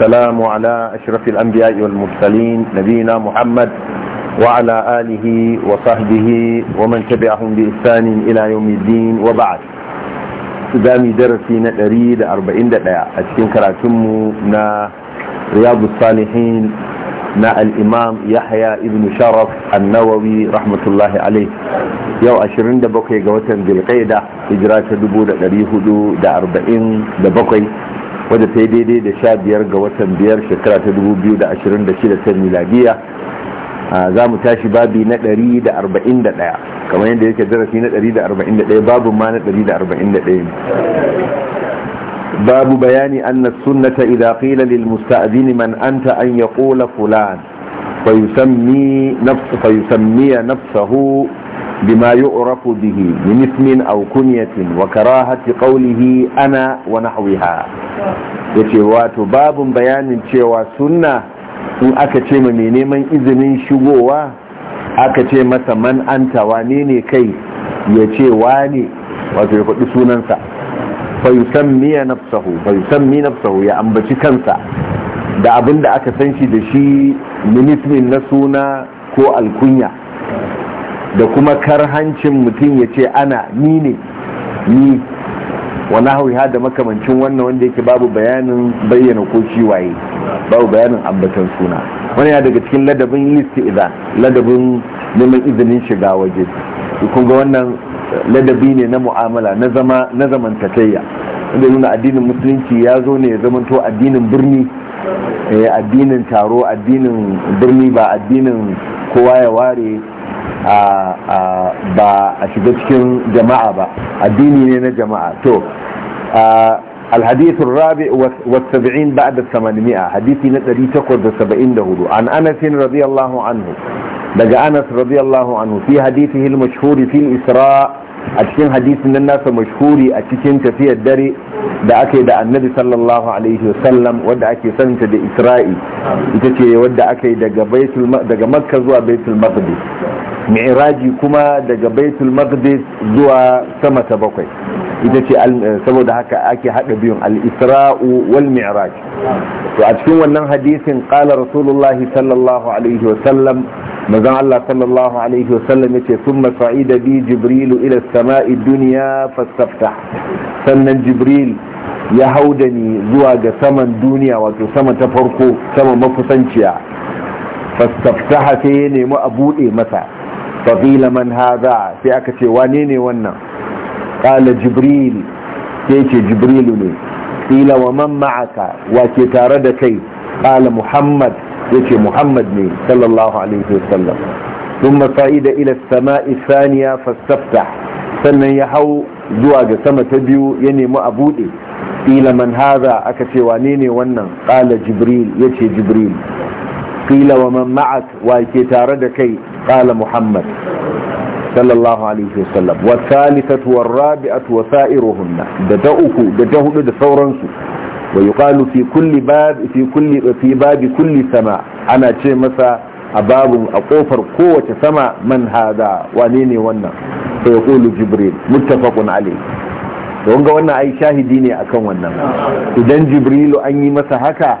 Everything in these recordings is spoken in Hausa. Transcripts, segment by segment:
السلام على أشرف الأنبياء والمرسلين نبينا محمد وعلى آله وصحبه ومن تبعهم بإحسان إلى يوم الدين وبعد سدامي درسي نتري لأربعين دقيقة أتكين كراتم نا رياض الصالحين نا الإمام يحيى ابن شرف النووي رحمة الله عليه يو أشرين دبقي قوة بالقيدة إجراء دبو دريه دو دا أربعين دبقي wadda ta yi daidai da sha biyar ga watan biyar shekara ta dubu biyu da ashirin da shida ta miladiya za mu tashi babi na ɗari da arba'in da ɗaya kamar yadda yake darasi na ɗari da arba'in da ɗaya babu ma na ɗari da arba'in da ɗaya babu bayani anna sunnata idza qila lil musta'din man anta an yaqula fulan فيسمي نفس فيسمي نفسه بما يعرف به من اسم أو كنية وكراهة قوله أنا ونحوها يتوات باب بيان cewa sunna in aka ce ma mai neman izinin shigowa aka ce masa man anta wane ne kai ya ce wane wato ya faɗi sunansa fayusammiya nafsahu fayusammi nafsahu ya ambaci kansa da abin da aka san shi da shi minismin na suna ko alkunya da kuma kar karhancin mutum ya ce ana ni ne ni wani hauha da makamancin wannan wanda yake babu bayanin bayyana ko ciwaye babu bayanin ambatan suna wani ya daga cikin ladabin isti'iza ladabin neman izinin shiga waje kun ga wannan ladabi ne na mu'amala na zama na zamantakayya inda nuna addinin musulunci ya zo ne ya zamanto addinin birni eh, addinin taro addinin birni ba addinin kowa ya ware ba a shiga cikin jama'a ba addini ne na jama'a to الحديث الرابع والسبعين بعد الثمانمائة حديث نتري تقود سبعين دهولو عن أنس رضي الله عنه لقى أنس رضي الله عنه في حديثه المشهور في الإسراء a cikin hadisin nan nasa mashhuri a cikin tafiyar dare da ake da annabi sallallahu alaihi wasallam wadda ake sanita da isra'i ita ce wadda aka yi daga makka zuwa baitul maqdis mi'raji kuma daga baitul maqdis zuwa sama ta bakwai ita ce saboda haka ake hada biyun al-isra'u wal mi'raj to a cikin wannan hadisin qala rasulullah sallallahu alaihi wasallam manzon Allah sallallahu alaihi wasallam yace thumma sa'ida bi jibrilu ila sama'i duniya fasafta sannan jibril ya hau da ni zuwa ga saman duniya wato sama ta farko sama makusanciya fasafta sai ya nemi a buɗe masa faqila man haza sai aka ce wane ne wannan qala jibril sai ce jibrilu ne qila wa man ma'aka wa ke tare da kai qala muhammad yace muhammad ne sallallahu alaihi wasallam ثم فائد إلى السماء الثانية فاستفتح sannan ya hau zuwa ga sama ta biyu ya nemi a buɗe ƙila man haza aka ce wane ne wannan ƙala jibril ya ce jibril ƙila wa man ma'at wa ke tare da kai ƙala muhammad sallallahu alaihi sallam wa salisatu wa rabi'atu wa sa'iruhunna da ta uku da ta hudu da sauransu wa yuqalu fi kulli bab fi kulli babi kulli sama ana ce masa a babun a kofar kowace sama man hada wane ne wannan sai ya kulu jibril muttafaqun don ga wannan ai shahidi ne akan wannan idan jibrilu an yi masa haka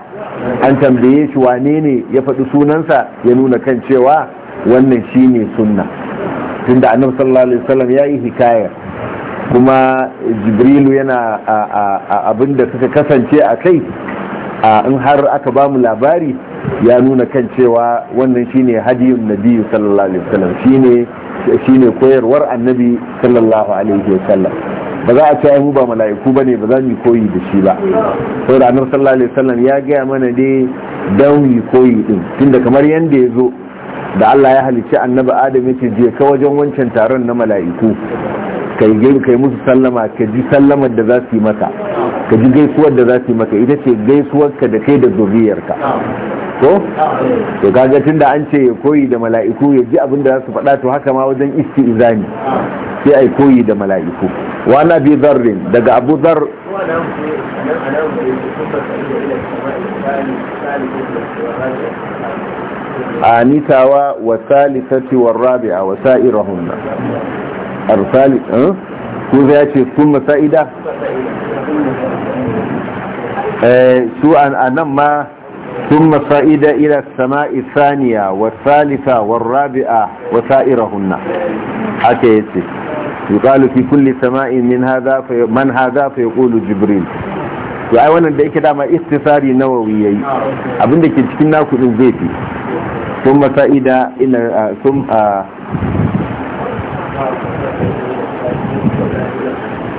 an tambaye shi wane ne ya faɗi sunansa ya nuna kan cewa wannan shine sunna tunda annabi sallallahu alaihi wasallam ya yi hikaya kuma jibrilu yana abin da suka kasance a kai in har aka bamu labari ya nuna kan cewa wannan shine hadiyun nabiyyu sallallahu alaihi wasallam shine ne koyarwar annabi sallallahu alaihi wasallam ba za a ce mu ba mala'iku bane ba za mu koyi da shi ba da annabi sallallahu alaihi wasallam ya gaya mana dai dan yi koyi din tunda kamar yanda ya zo da Allah ya halicci annabi Adam yace je ka wajen wancan taron na mala'iku kai kai musu sallama ka ji sallamar da za su yi maka ka ji gaisuwar da za su yi maka ita ce gaisuwar ka da kai da zuriyarka ko to kaga tunda an ce ya koyi da mala'iku ya ji abin da za su faɗa to haka ma wajen isti'izani sai ai koyi da mala'iku wa na bi zarrin daga abu zar anitawa wa salisati wa rabi'a wa sa'irahunna arsali eh? ko zai ya ce sun masa'ida eh, su a nan ma sun masa'ida ila sama isaniya wa salisa wa rabi'a wa sa'ira hunna haka ya ce yukalu fi kulli sama'i min haza fa man haza fa yaqulu jibril to ai wannan da yake dama istisari nawawi yayi abinda ke cikin naku din zai fi sun masa'ida ina sun uh,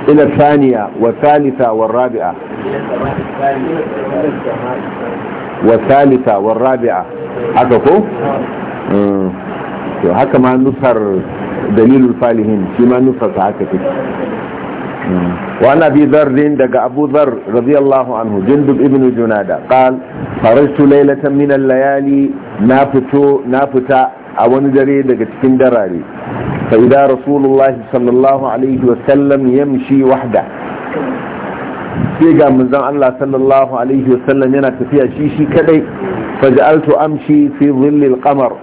إلى الثانية والثالثة والرابعة والثالثة والرابعة haka ko? to haka ma nufar dalilul falihin shi ma nufarsa haka take وعن أبي ذر دق أبو ذر رضي الله عنه جندب ابن جنادة قال خرجت ليلة من الليالي نافت نافت a wani dare daga cikin darare fa idza rasulullahi sallallahu alaihi wa sallam yamshi wahda sai ga manzon Allah sallallahu alaihi wa yana tafiya shi shi kadai faj'altu amshi fi dhilli al-qamar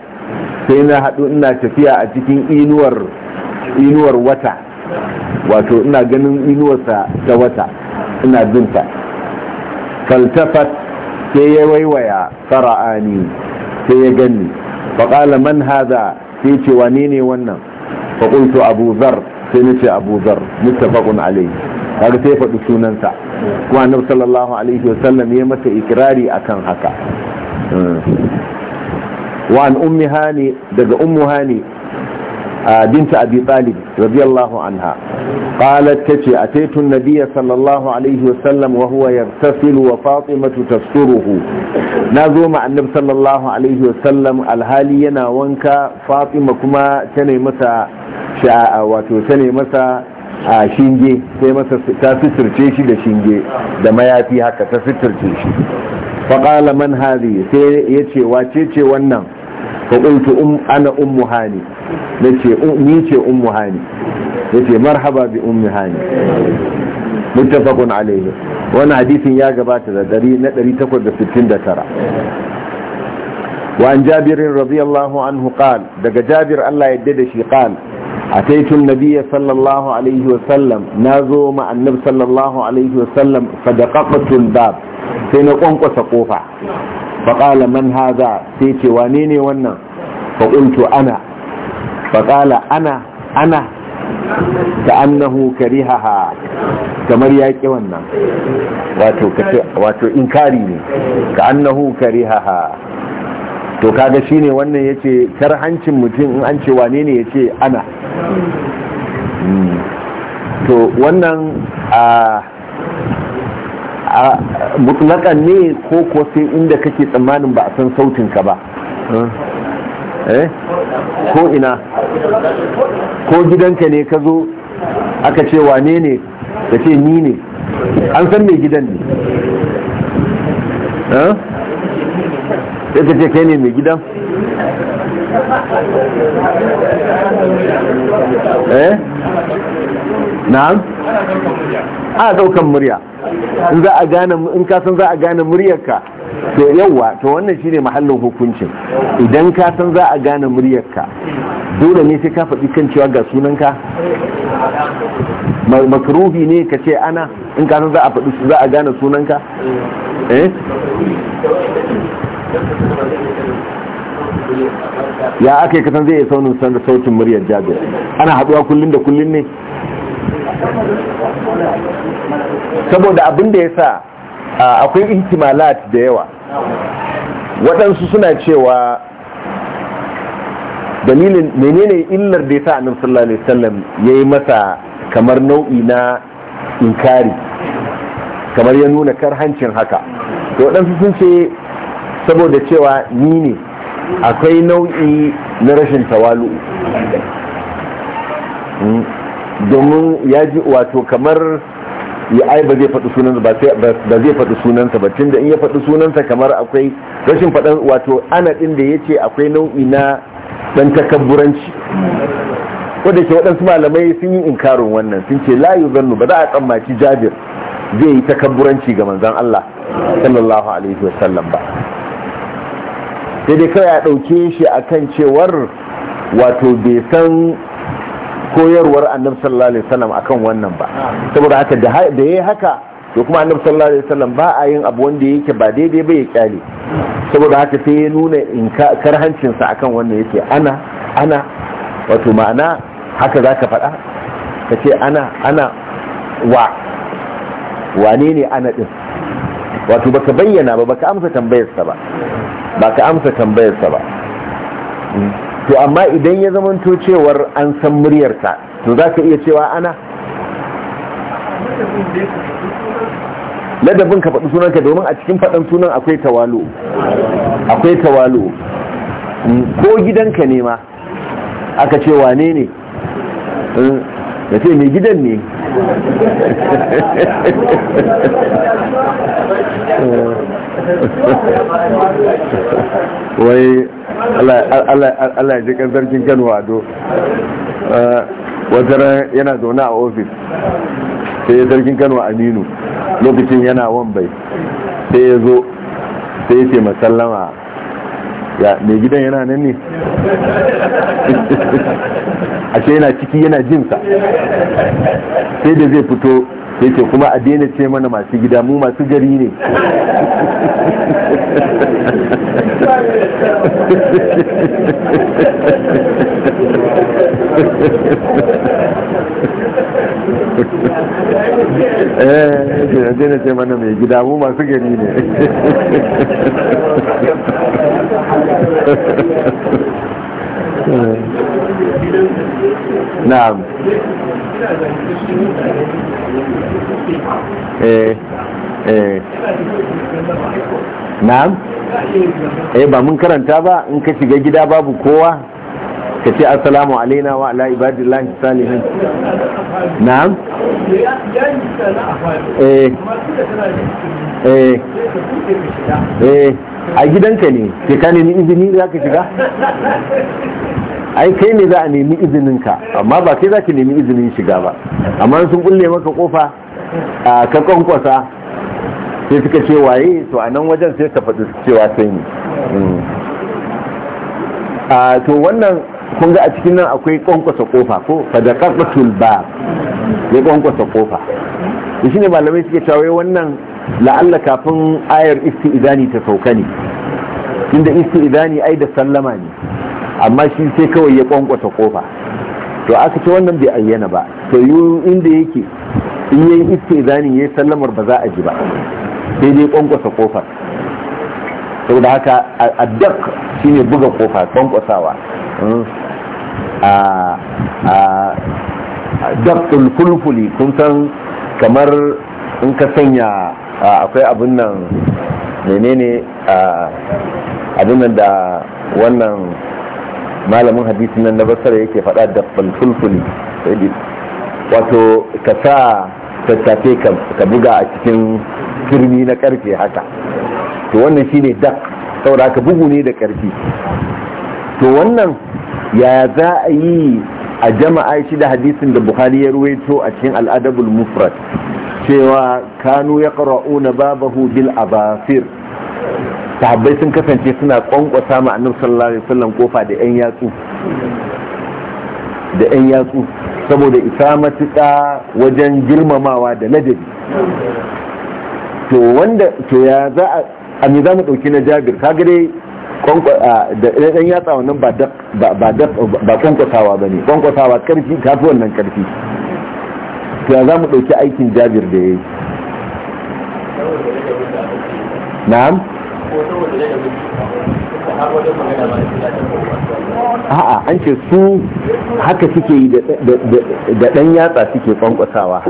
sai na hadu ina tafiya a cikin inuwar inuwar wata wato ina ganin inuwarsa ta wata ina binta faltafat sai ya waiwaya fara'ani sai ya gani faƙala man haza sai ce wani ne wannan faƙultu abu zar sai nace abu zar muttafaqun alayhi kaga sai faɗi sunansa kuma annabi sallallahu alaihi sallam ya masa ikirari akan haka wa an ummi hani daga ummu hani binta أبي طالب رضي anha عنها tace تتي أتيت النبي alaihi الله عليه وسلم وهو wa وفاطمة tasturuhu nazo ma annab sallallahu alaihi wasallam alhali yana wanka fatima kuma tana masa sha'a wato masa shinge sai masa ta fitirce shi da shinge da mayafi haka ta fitirce shi faƙala man hadhi sai yace wace ce wannan Faɓultu um, ana ummu Hani, wuce um, ni ce ummu Hani, wuce mar bi ummi Hani? Murtala Fagun Aliyu, wani ya gabata da ɗari na ɗari da sittin da tara. Wa an-jabirin rabi anhu qal, daga jabir Allah yadda da shi qal. A taitun Nabiya Sallallahu alaihi wa sallam na zoma annab Sallallahu alaihi wa sallam faɗaƙa ɓatun Bab, sai na ƙwanƙwasa ƙofa. faƙala من هذا sai ce wane ne wannan فقال ana faƙala ana ana ta annahu karihaha kamar ya wannan wato inkari ne ka to kaga shine wannan ya ce hancin mutum in an ce wane ne ya ana to wannan a a mutlaka ne ko kuwa sai inda kake tsammanin ba a san sautinka ba eh? ko ina ko gidanka ne ka zo aka ce wane ne da ce ni ne an san mai gidan ne eh? sai ka ce kai ne mai gidan eh na'am a daukan murya in za a gane in ka san za a gane muryarka to yawa to wannan shine mahallin hukuncin idan ka san za a gane muryarka dole ne sai ka faɗi kan cewa ga sunanka makruhi ne ka ce ana in ka san za a faɗi za a gane sunanka eh ya aka yi kasan zai iya saunin sautin muryar jabir ana haɗuwa kullum da kullum ne saboda abin da ya sa akwai ihtimalat da yawa waɗansu suna cewa dalilin menene illar da ya sa annabi sallallahu alaihi wasallam yayi masa kamar nau'i na inkari kamar ya nuna karhancin haka to waɗansu sun ce saboda cewa ni ne akwai nau'i na rashin tawalu hmm? domin ya ji wato kamar ya ai ba zai faɗi sunansa ba ba zai faɗi sunansa ba tunda in ya faɗi sunansa kamar akwai rashin faɗan wato ana ɗin da ya ce akwai nau'i na ɗan takabburanci Ko da ke waɗansu malamai sun yi inkarin wannan sun ce la yuzannu ba za a tsammaci jabir zai yi takabburanci ga manzon Allah sallallahu alaihi wasallam ba sai dai kawai a ɗauke shi akan cewar wato bai san koyarwar annabi sallallahu alaihi wasallam akan wannan ba saboda haka da yayi haka to kuma annabi sallallahu alaihi wasallam ba a yin abu wanda yake ba daidai ba ya kyale saboda haka sai ya nuna in karhancin sa akan wannan yake ana ana wato ma'ana haka zaka faɗa ka ce ana ana wa wane ne ana din wato baka bayyana ba baka amsa tambayarsa ba baka amsa tambayarsa ba hmm. to amma idan ya zamanto cewar an san muryarsa to za ka iya cewa ana ladabin ka faɗi sunanka domin a cikin faɗin sunan akwai tawalu. akwai tawalu ko gidanka ne ma aka ce wane ne da ce mai gidan ne wai Allah ya ji kan sarkin Kano Ado wata yana zaune a ofis sai ya kan Kano Aminu lokacin yana wambai sai ya zo sai ya ce masallama ya mai gidan yana nan ne ashe yana ciki yana jinsa sai da zai fito yake kuma a daina ce mana masu gida mu masu gari ne eh a mai gida mu masu na'am eh eh na'am eh ba mun karanta ba in ka shiga gida babu kowa ka ce assalamu alaina wa ala ibadillahi salihin na'am eh eh eh a gidanka ne ke kane ni izini za ka shiga ai kai ne za a nemi izinin ka amma ba kai za ki nemi izinin shiga ba amma sun kulle maka kofa a ka kwankwasa sai suka ce waye to a nan wajen sai ta faɗi cewa sai ne mm. to wannan kun ga a cikin nan akwai kwankwasa kofa ko fadaqatul ba ya kwankwasa kofa shi ne malamai suke cewa wannan la'alla kafin ayar isti'idani ta sauka ne inda isti'idani ai da sallama ne amma shi sai kawai ya kwankwasa kofa to aka ce wannan bai ayyana ba to yi inda yake in yayi ya yayi sallamar ba za a ji ba sai dai kwankwasa kofar saboda haka a addak shine buga kofa kwankwasawa hmm. a dabtul fulfuli kun san kamar in ka sanya akwai abin nan menene abin nan da wannan malamin hadisi nan na basara yake faɗa da fulfuli wato ka sa tattafe ka buga a cikin kirmi na karfe haka to wannan shi ne dak saboda ka bugu ne da karfi to wannan ya za a yi a jama'a shi da hadisin da buhari ya ruwaito a cikin al'adabul mufrad cewa kanu ya ƙara'una babahu bil abafir sahabbai sun kasance suna kwankwasa ma annabi sallallahu alaihi wasallam kofa da yan yatsu da yan yatsu saboda isa matuƙa wajen girmamawa da ladabi to wanda to ya za a a me za mu dauki na jabir kaga dai da ɗan yatsa wannan ba da ba da ne kwankwasawa ƙarfi karfi fi wannan karfi to ya za mu dauki aikin jabir da yayi na'am a'a an ce su haka suke yi da ɗan yatsa suke kwankwasawa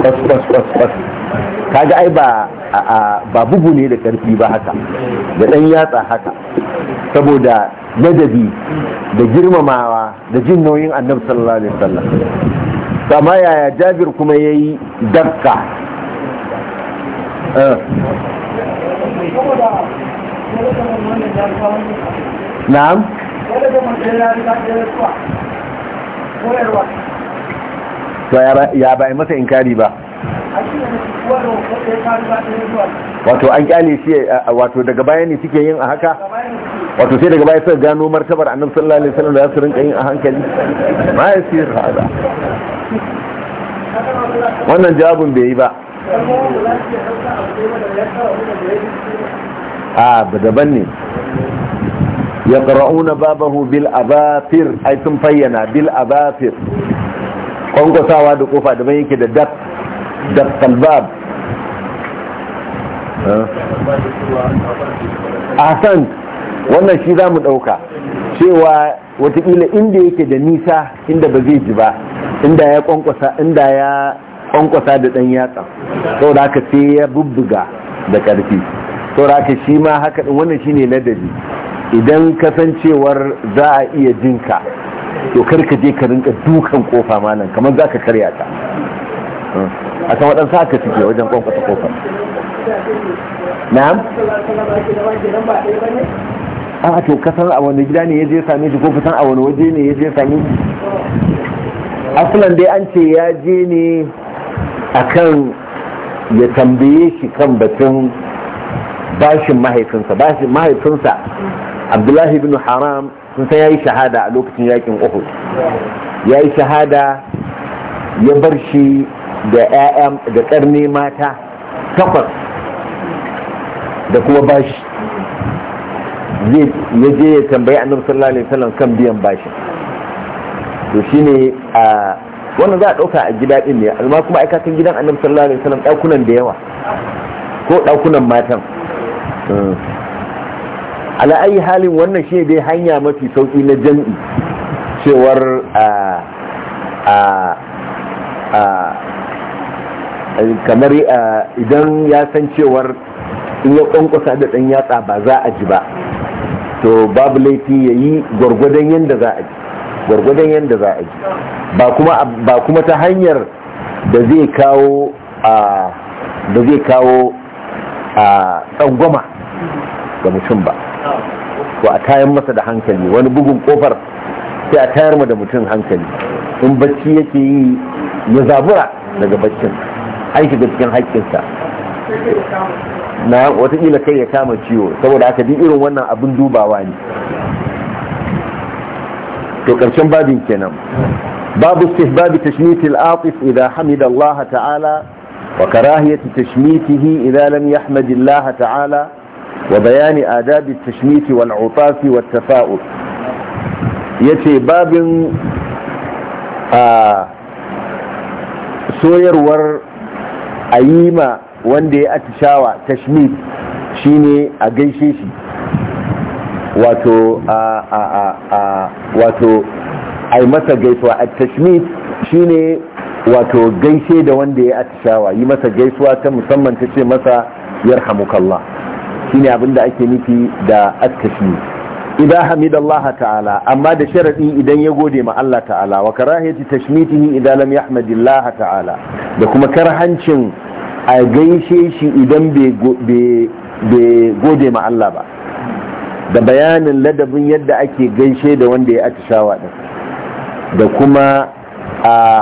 kwas kwas kwas Ka kaga ai ba ba bugu ne da karfi ba haka da ɗan yatsa haka saboda ladabi da girmamawa da jin nauyin annabtar sallallahu sama yaya jabir kuma ya yi dakka Eh. na'am to ya ba masa inkari ba wato an kyale shi wato daga baya ne suke yin a haka wato sai daga baya suka gano martabar annabi sallallahu alaihi wasallam da su rinka yin a hankali ma yasir hada wannan jawabin bai yi ba a ah, daban ne ya ƙara'una babahu bil abafir ai sun fayyana bil abafir Ƙwanƙwasawa da kofa daban yake da dab daf kalbab ah. san wannan shi za mu ɗauka cewa watakila inda yake da nisa inda ba zai ji ba inda ya ƙwanƙwasa inda ya kwankwasa da ɗan yatsa da aka sai ya bubbuga da ƙarfi da aka shi ma haka ɗin wannan shine ladabi idan kasancewar za a iya jinka to karka je ka rinka dukan kofa malam kamar za ka karya ta hmm. a kan waɗansu haka suke wajen kwankwasa kofa na'am a to kasan a wani gida ne ya je sami shi ko kusan a wani waje ne ya je sami shi asalan dai an ce ya je ne akan ya tambaye shi kan batun bashin mahaifinsa bashin mahaifinsa abdullahi bin haram sun san ya yi shahada a lokacin yakin uhud ya yi shahada ya bar shi da da karni mata takwas da kuma bashi ya je ya tambayi annabi sallallahu alaihi wasallam kan biyan bashin to shine a wannan za a ɗauka a gida ɗin ne amma kuma aikatan gidan annabi sallallahu alaihi wasallam ɗakunan da yawa ko ɗakunan matan hmm. ala ayi halin wannan shi dai hanya mafi sauki na jam'i cewar a a a kamar idan ya san cewar in ya kwankwasa da ɗan yatsa ba za a ji ba to babu laifi ya yi gwargwadon yadda za a ji gwargwadon yadda za a yi ba kuma ta hanyar da zai kawo a da zai kawo a tsangwama ga mutum ba Ko a tayan masa da hankali wani bugun kofar sai a tayar mu da mutum hankali in bacci yake yi ya zabura daga baccin aiki ga cikin haƙƙinsa na watakila kai ya kama ciwo saboda aka bi irin wannan abin dubawa ne to karshen babin kenan babu istihbab tashmit al-atif idha hamida Allah ta'ala wa karahiyat tashmitihi idha lam Allah ta'ala wa bayan adab at-tashmit wal-utaf wat-tafa'ul yace babin a soyarwar ayima wanda ya atishawa tashmit shine a gaishe shi wato a wato ai masa gaisuwa a tashmit shine wato gaishe da wanda ya atishawa yi masa gaisuwa ta musamman ta ce masa yarhamukallah shine abinda ake nufi da atashmi. tashmit idan Allah ta'ala amma da sharadi idan ya gode ma Allah ta'ala wa karahiyati tashmitihi idan lam yahmadillaha ta'ala da kuma karhancin a gaishe shi idan bai gode ma Allah ba da bayanin ladabin yadda ake gaishe da wanda ya atishawa din da kuma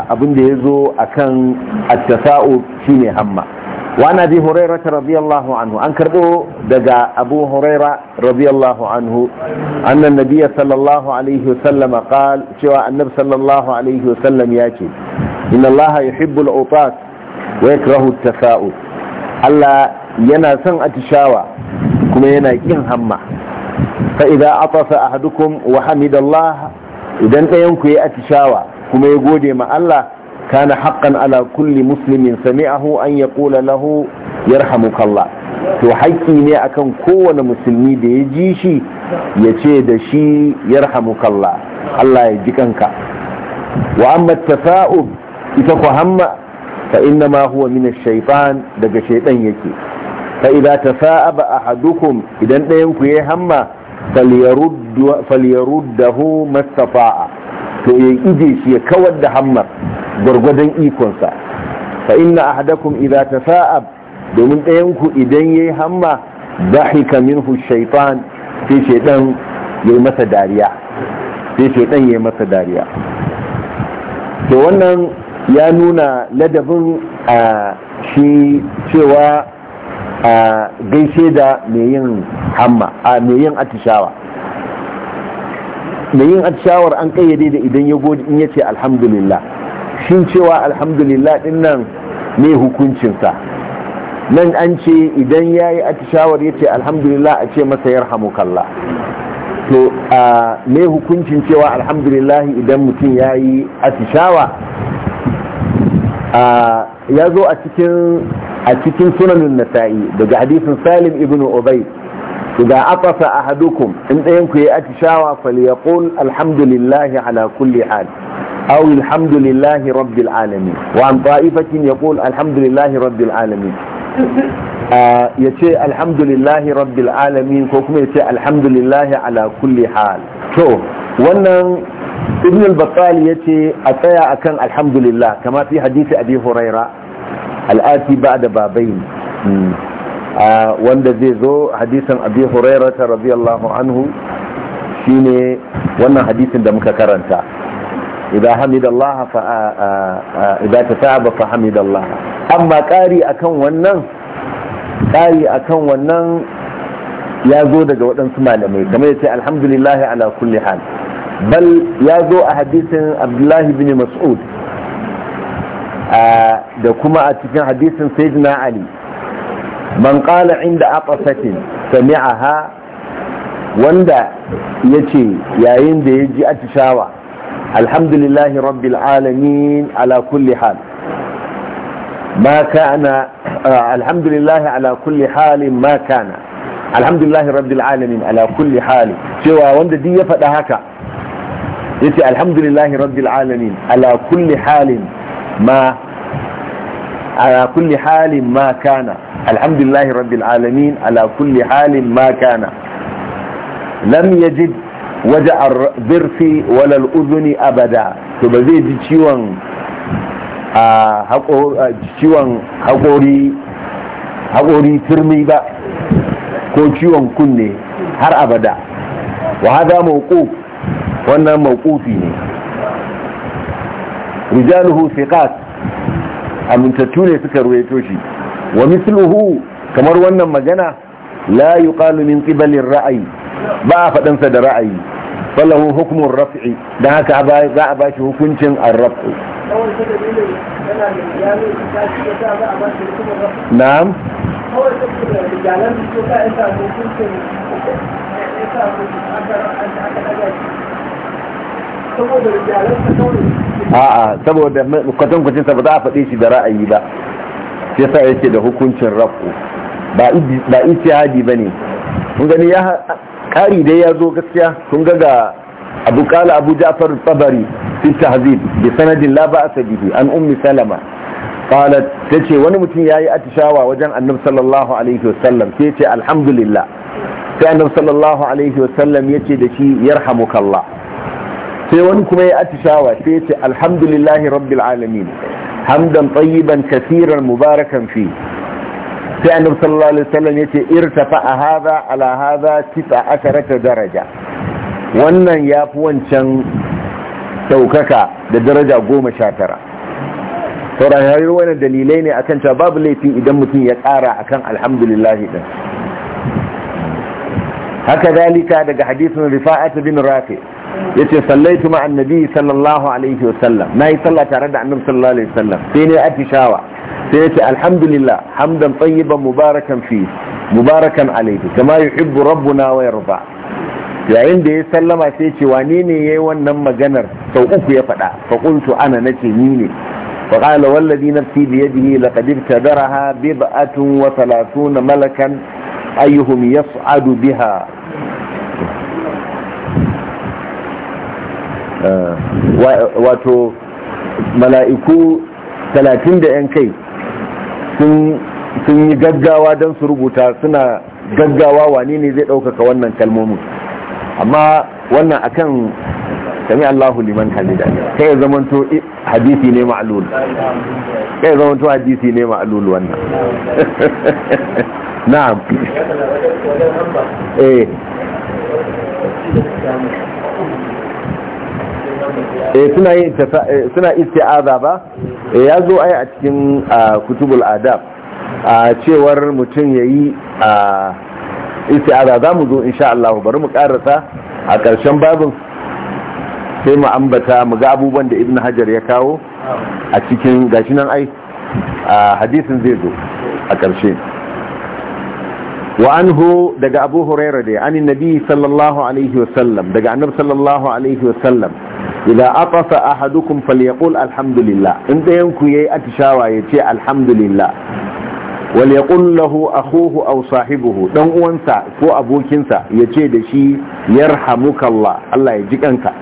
abin da ya zo a kan shi shine hamma wana bi huraira ta radiyallahu anhu an karɓo daga abu huraira radiyallahu anhu annan nabiya sallallahu alaihi wasallama qal cewa annab sallallahu alaihi wasallam ya ce inna allaha hibbul utas wa yakrahu at-tasa'u Allah yana son atishawa kuma yana kin hamma fa idza atafa ahadukum wa hamidallah idan ɗayan ku ya atishawa kuma ya gode ma Allah kana haqqan ala kulli muslimin sami'ahu an yaqula lahu kalla to haƙƙi ne akan kowane musulmi da ya ji shi ya ce da shi kalla Allah ya ji kanka wa amma tafa'ub ita ku hamma ka inna ma huwa min daga shaytan yake fa idza tasa'aba ahadukum idan ɗayan ku yayi hamma falyaruddahu mastafa'a to ya ije shi ya kawar da hammar gwargwadon ikonsa fa inna ahadakum idza tasa'ab domin ɗayanku idan yayi hamma dhahika minhu shaytan sai shaydan yayi masa dariya sai masa dariya to wannan ya nuna ladabin a shi cewa gaishe da mai yin atishawa mai yin atishawar an kayyade da idan ya gode in yace alhamdulillah shin cewa alhamdulillah din nan ne hukuncinsa nan an ce idan ya yi atishawar ya ce alhamdulillah a ce masa yarhamukallah to a mai hukuncin cewa alhamdulillah idan mutum ya yi atishawa ya zo a cikin a cikin sunanin nasa'i daga hadisin salim ibn ubay idza atasa ahadukum in dayan ku yi atishawa falyaqul alhamdulillahi ala kulli hal aw alhamdulillahi rabbil alamin wa an ta'ifatin yaqul alhamdulillahi rabbil alamin ya ce alhamdulillahi rabbil alamin ko kuma ya ce alhamdulillahi ala kulli hal to wannan ibn al-battal ya ce a tsaya akan alhamdulillah kama fi hadisi abi huraira al'ati ba da babai hmm. wanda zai zo hadisin abi ta radiyallahu anhu shine wannan hadisin da muka karanta idza hamidallah fa idza tataba fa hamidallah amma kari akan wannan kari akan wannan ya zo daga waɗansu malamai kamar ya ce alhamdulillah ala kulli hal bal ya zo a hadisin abdullahi bin mas'ud da kuma a cikin hadisin sayyidina ali man qala inda aqasatin sami'aha wanda yace yayin da yaji atishawa alhamdulillahi rabbil alamin ala kulli hal cewa wanda duk ya faɗa haka yace alhamdulillahi rabbil alamin ala kulli halin ma ala kulli halin ma kana alhamdulillahi rabbil alamin ala kulli halin ma kana lam yajid waja wala al'udhuni abada to ba zai ji ciwon a ciwon turmi ba ko ciwon kunne har abada wa hada mawquf wannan mawqufi ne رجاله ثقات امن تتوني فكر ويتوشي ومثله كما روانا مجنة لا يقال من قبل الرأي باع فتنسى الرأي فله حكم الرفع دعاك باع باش حكم الرفع نعم هو a'a saboda kwatankwacin sa ba za a faɗe shi da ra'ayi ba sai sa yake da hukuncin rafu ba hadi ba ne kun gani ya kari dai ya zo gaskiya kun ga ga Abu Qala Abu Ja'far Tabari fi tahzib bi sanadin la ba asadihi an ummi Salama qalat tace wani mutum yayi atishawa wajen Annabi sallallahu alaihi wasallam sai ce alhamdulillah sai Annabi sallallahu alaihi wasallam yace da shi yarhamukallah sai wani kuma ya atishawa sai ce alhamdulillahi rabbil alamin hamdan tayyiban kathiran mubarakan fi sai annabi sallallahu alaihi wasallam yace irtafa hadha ala hadha tisa asharata daraja wannan yafi wancan daukaka da daraja goma sha tara sauran wannan dalilai ne akan cewa babu laifi idan mutum ya ƙara akan alhamdulillahi din haka dalika daga hadisin rifa'at bin rafi' yace sallaitu ma annabi sallallahu alaihi wasallam nayi sallah tare da annabi sallallahu alaihi wasallam sai ne shawa sai yace alhamdulillah hamdan tayyiban mubarakan fi mubarakan alaihi kama yuhibbu rabbuna wa yarda yayin da ya sallama sai ce wane ne yayi wannan maganar sau uku ya faɗa fa qultu ana nace ni ne fa qala wallazi nafsi bi yadihi laqad ibtadaraha bid'atun wa 30 malakan ayyuhum yas'adu biha Eh, wato mala'iku talatin da 'yan kai sun yi gaggawa don su rubuta suna gaggawa wani ne zai ɗaukaka wannan kalmomin amma wannan akan sami Allahu liman hamida kai ya zamanto hadisi ne ma'alul kai ya zamanto hadisi ne ma'alul wannan na'am eh Eh, suna eh, suna isti'aza ba eh, ya zo ai a cikin kutubul adab a cewar mutum yayi a isti'aza za mu zo insha Allah bari mu karasa a ƙarshen babin sai mu ambata mu ga abubuwan da ibn hajar ya kawo a cikin gashi nan ai hadisin zai zo a ƙarshe وعنه daga أبو هريرة دي عن النبي صلى الله عليه وسلم دقى النبي صلى الله عليه idan atasa ahadukum falyaqul alhamdulillah in dayan ku yayi atishawa yace alhamdulillah wal yaqul lahu akhuhu aw sahibuhu dan uwansa ko abokinsa yace da shi yarhamukallah Allah ya ji kanka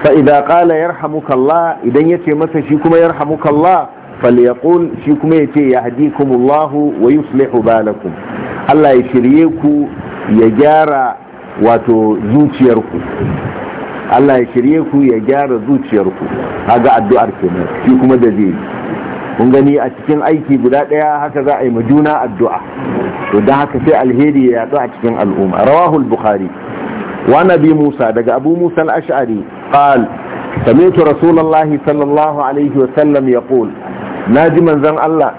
fa idan yar yarhamukallah idan yace masa shi kuma yarhamukallah falyaqul shi kuma yace yahdikumullahu wa yuslihu balakum Allah ya shirye ku ya gyara wato zuciyarku Allah ya shirye ku ya gyara zuciyarku ga addu'ar kenan shi kuma da zai kun gani a cikin aiki guda ɗaya haka za a yi majuna addu'a to dan haka sai alheri ya yatsu a cikin al'umma rawahul bukhari wa nabi musa daga abu musa al-ash'ari qal سمعت رسول sallallahu alaihi wa sallam وسلم يقول ناجي من زن الله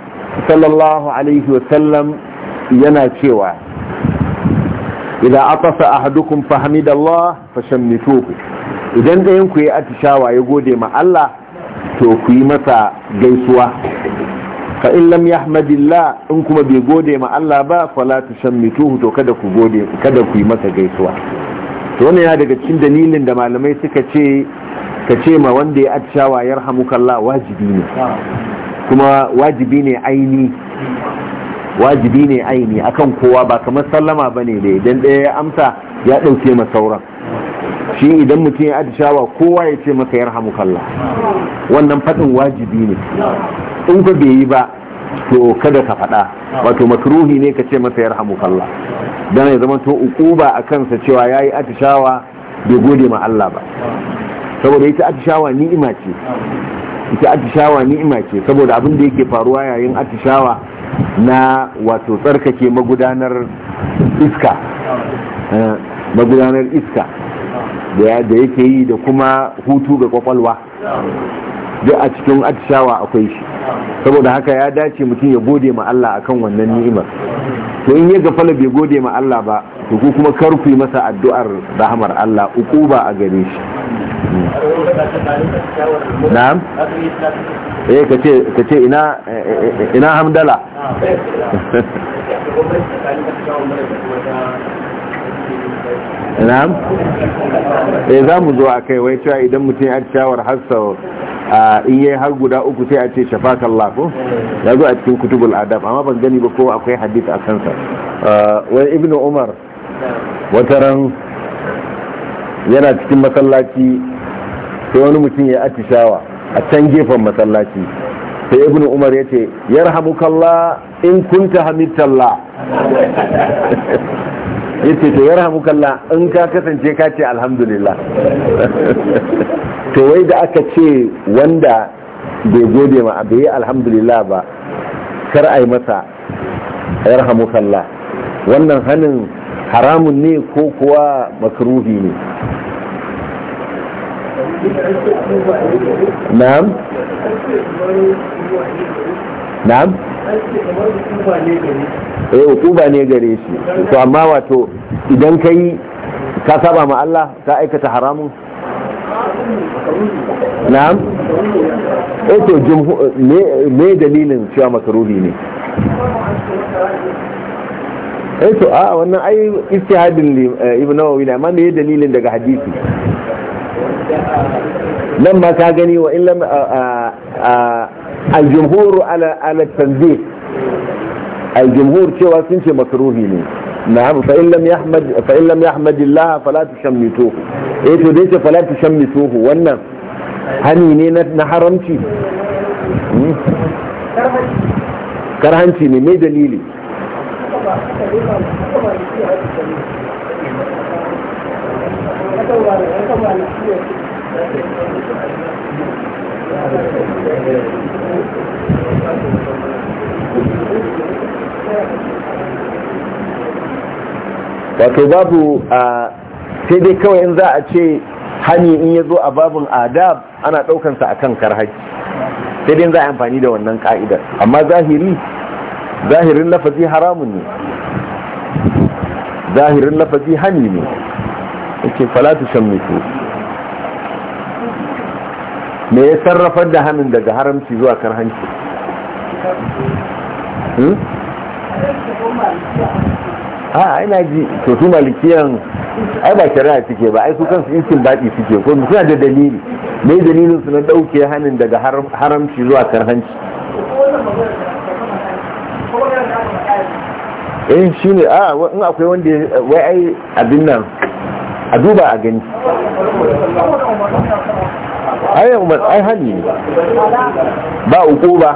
صلى الله yana cewa idan atasa ahadukum fahamidallah fashammituhu idan ɗayan ku ya atishawa ya gode ma Allah to ku yi masa gaisuwa fa in lam yahmadillah in kuma bai gode ma Allah ba fala tushammituhu to kada ku gode kada ku yi masa gaisuwa to wannan yana daga cikin dalilin da malamai suka ce ka ce ma wanda ya atishawa yarhamukallah wajibi ne kuma wajibi ne aini wajibi ne aini akan kowa ba kamar sallama ba ne dai idan ɗaya ya amsa ya ɗauke ma sauran shi idan mutum ya atishawa kowa ya ce masa yar kalla wannan faɗin wajibi ne in ka bai yi ba to kada ka faɗa wato makruhi ne ka ce masa yar kalla don ya zama to ukuba a kansa cewa ya yi atishawa bai gode ma Allah ba saboda ita atishawa ni'ima ce ita adishawa ni'ima ce saboda abin da yake faruwa yayin atishawa na wato tsarkake magudanar iska eh, magudanar iska da yake yi da kuma hutu ga kwakwalwa duk a cikin atishawa akwai shi saboda haka ya dace mutum ya gode ma Allah akan wannan ni'imar to in ya gafala bai gode ma Allah ba to ku kuma karku yi masa addu'ar rahmar Allah Uku ba a gare shi na'am eh, eh, za mu zo a kai wai cewa idan mutum ya shawar hassa a in har guda uku sai a ce shafakallah ko ya a cikin kutubul adab amma ban gani ba ko akwai hadith a kansa wai ibnu umar wataran yana cikin masallaci sai wani mutum ya atishawa a can gefen masallaci sai ibn umar ya ce yarhamukallah in kunta hamidtallah ya ce to yarhamukallah in ka kasance ka ce alhamdulillah to wai da aka ce wanda bai gode ma bai yi alhamdulillah ba kar a yi masa yarhamukallah wannan hannun haramun ne ko kuwa makaruhi ne na'am na'am eh ukuba ne gare shi to amma wato idan kai ka saba ma Allah ka aikata haramun na'am eh to me dalilin cewa makaruhi ne eh to a wannan ai istihadin eh, ibn Nawawi ne amma me dalilin daga hadisi nan ma ka gani wa illam al-jumhur cewa sun ce makruhi ne na'am fa in lam yahmad fa in lam yahmad Allah fala tushammituhu eh to dai ce fala tushammituhu wannan hani ne na haramci hmm? karhanci ne mai dalili Thank you. wato babu a sai dai kawai in za a ce hani in ya zo a babin adab ana daukansa akan karhaji sai dai za a amfani da wannan ka'idar amma zahiri zahirin lafazi haramun ne zahirin lafazi hani ne ake falatu shan mutu me ya sarrafar da hannun daga haramci zuwa karhanci hmm? a ina ji to su malikiyan ai ba shari'a suke ba ai su kansu iskin baki suke ko suna da dalili me dalilin su na ɗauke hannun daga haramci zuwa karhanci eh shi ne a in akwai wanda wai ai abin nan a duba a gani ai umar ai ba ne ba ukuba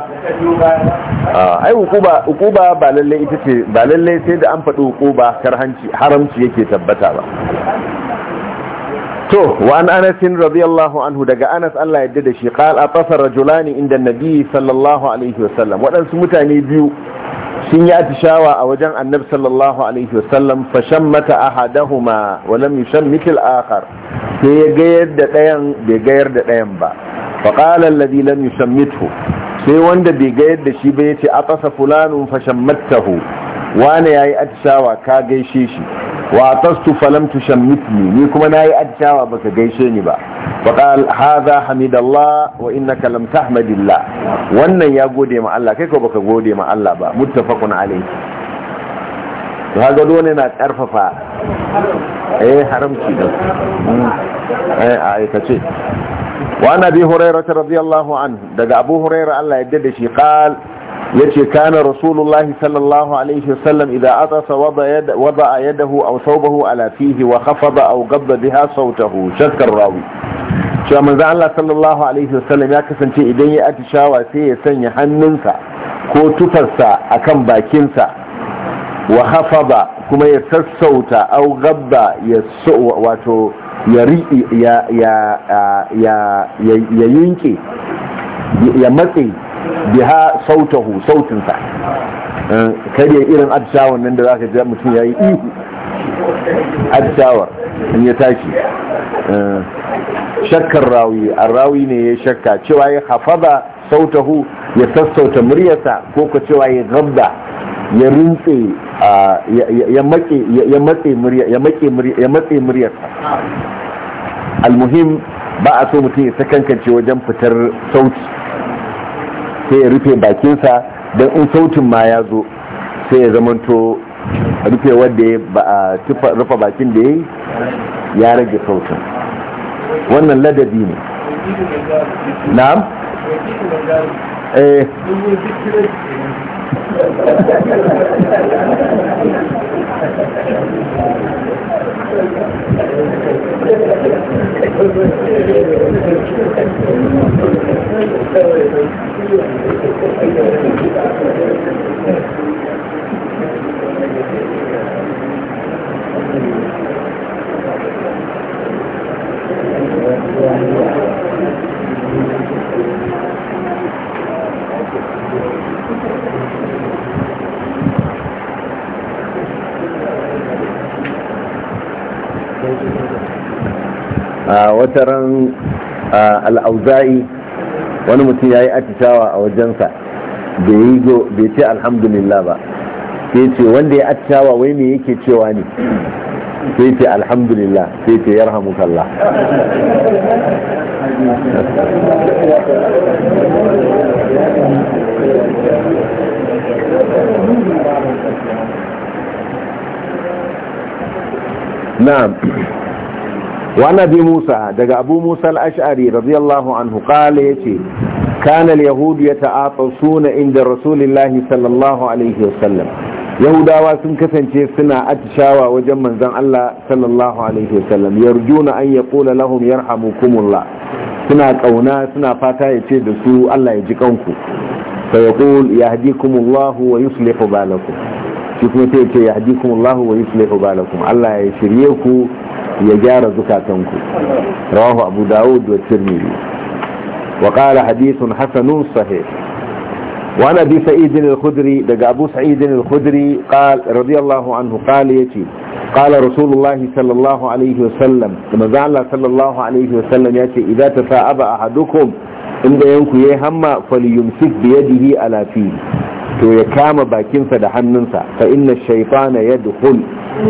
ah, ai ukuba ukuba ba lalle ita ce ba lalle sai da an faɗi ukuba karhanci haramci yake tabbata ba to wa an anas radiyallahu anhu daga anas Allah yadda da shi qal atasa rajulani inda nabi sallallahu alaihi wasallam wadansu mutane biyu sun yi atishawa a wajen annabi sallallahu alaihi wasallam fashan mata ahadahuma walam yushan mikil akhar sai ya gayar da ɗayan bai gayar da ɗayan ba fa qala alladhi lam sai wanda bai gayar da shi ba yace atasa fulanun fashammatahu wane yi atishawa ka gaishe shi wa tastu falam tushammitni ni kuma na yi atishawa ka gaishe ni ba fa qal hadha hamidallah wa innaka lam tahmadillah wannan ya gode ma Allah kai ko baka gode ma Allah ba muttafaqun alayhi to haka dole na karfafa eh haramci da mm. eh aikace wa nabi hurairah radiyallahu anhu daga abu hurairah Allah ya da shi qal yace kana rasulullahi sallallahu alaihi wasallam idan a atasa wada'a yadahu aw thawbahu ala fihi wa khafada aw gabba biha sautahu shakkar rawi cewa manzo Allah sallallahu alaihi wasallam ya kasance idan ya atishawa sai ya sanya hannunsa ko tufarsa akan bakinsa wa ba kuma ya sassauta aw gabba ya wato ya ya ya ya ya yinke ya matse biha sautahu sautinsa eh, karya irin abshawar nan da za ka ji mutum ya yi ihu abshawar in ya tashi eh, shakkar rawi rawi ne ya shakka cewa ya hafaza sautahu ya sassauta muryarsa ko ka cewa ya gabda ya rintse ya matse muryarsa almuhim ba a so mutum ya sakankance wajen fitar sauti sai ya rufe bakinsa don in sautin ma ya zo sai ya zamanto rufe wadda ya rufe bakin da ya yi ya rage sautin wannan ladabi ne na'am eh آه، وترى آه، الأوزائي wani mutum ya yi atishawa a wajensa bai ce alhamdulillah ba sai ce wanda ya atishawa wai me yake cewa ne sai ce alhamdulillah sai ce yarhamukallah na wani musa daga abu musa al’ash’ari radiyallahu anhu kala ya ce kanal yahudu ya ta’afa suna inda rasulullahi sallallahu alaihi sallam yahudawa sun kasance suna atishawa wajen manzan allah sallallahu alaihi wasallam ya rujuna an ya kula lahum ya rahamu kumulla suna kauna suna fata ya ce da su allah ya ji kanku sai ya kul ya haji kumullahu wa yuslihu balakum shi kuma sai ya ce ya haji kumullahu wa yuslihu balakum allah ya shirye ku ya gyara zukatanku rahu abu dawud da tirmidhi wa qala hadithun hasanun sahih wa ana bi sa'id al-khudri daga abu sa'id al-khudri qala radiyallahu anhu qala yati qala rasulullahi sallallahu alayhi wa sallam kama zalla sallallahu alayhi wa sallam yati idza tafa'aba ahadukum inda yayi hamma falyumsik bi yadihi ala fi to ya kama bakinsa da hannunsa fa inna ash-shaytana yadkhul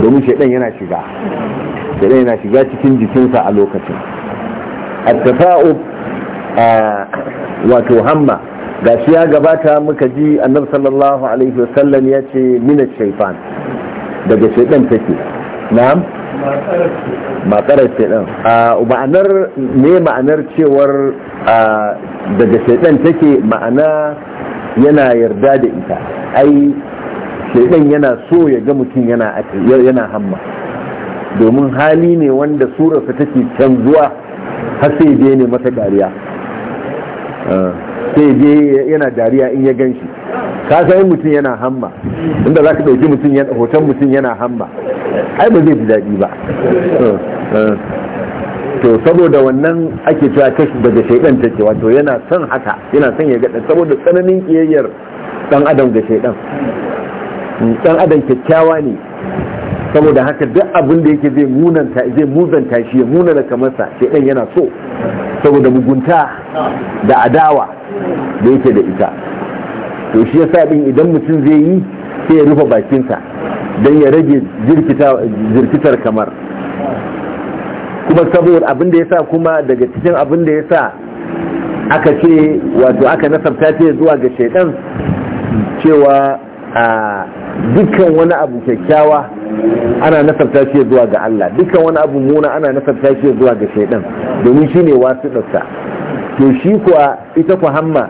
domin shaytan yana shiga shaidan yana shiga cikin jikinsa a lokacin at a wato hamma shi ya gabata muka ji annab sallallahu alaihi wasallam ya ce mina shaifan. daga shaitan take na'am matsarar shaidan. ma'anar ne ma'anar cewar daga shaidan take ma'ana yana yarda da ita ai shaidan yana so ya ga mutum yana hamma domin hali ne wanda surarsa take canzuwa har sai je ne masa dariya ah, sai je yana dariya in ya gan shi ka mutum yana hamma inda za ka ɗauki mutum yana hoton mutum yana hamma ai ba zai fi daɗi ba ah, ah. to saboda wannan ake cewa kashi daga shaidan take wato yana son haka yana son ya gaɗa saboda tsananin kiyayyar ɗan adam ga shaidan mm, ɗan adam kyakkyawa ne saboda haka duk abin da yake zai munanta zai muzanta shi ya munana kamar sa sai dan yana so saboda mugunta da adawa da yake da ita to shi yasa din idan mutum zai yi sai ya rufe bakinsa dan ya rage jirkitar kamar kuma saboda abin da yasa kuma daga cikin abin da yasa aka ce wato aka nasabta ce zuwa ga shaidan cewa a dukkan wani abu kyakkyawa ana nasarta shi zuwa ga Allah dukkan wani abu muna ana nasarta shi zuwa ga shaidan domin shi ne wasu ɗarsa to shi kuwa ita ku hamma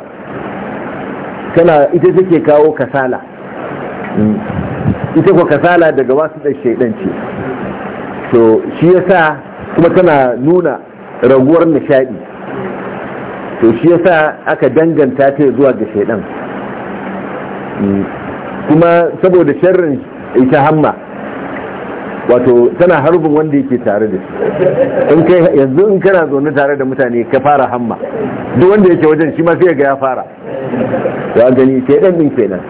tana ita take kawo kasala hmm. ita ku kasala daga wasu ɗar shaidan ce to shi yasa kuma tana nuna raguwar nishaɗi to shi yasa aka danganta ta zuwa ga shaidan hmm. kuma saboda sharrin ita hamma wato tana harbin wanda yake tare da shi in kai yanzu in kana zaune tare da mutane ka fara hamma duk wanda yake wajen shi ma sai ga ya fara to an gani ke dan din kenan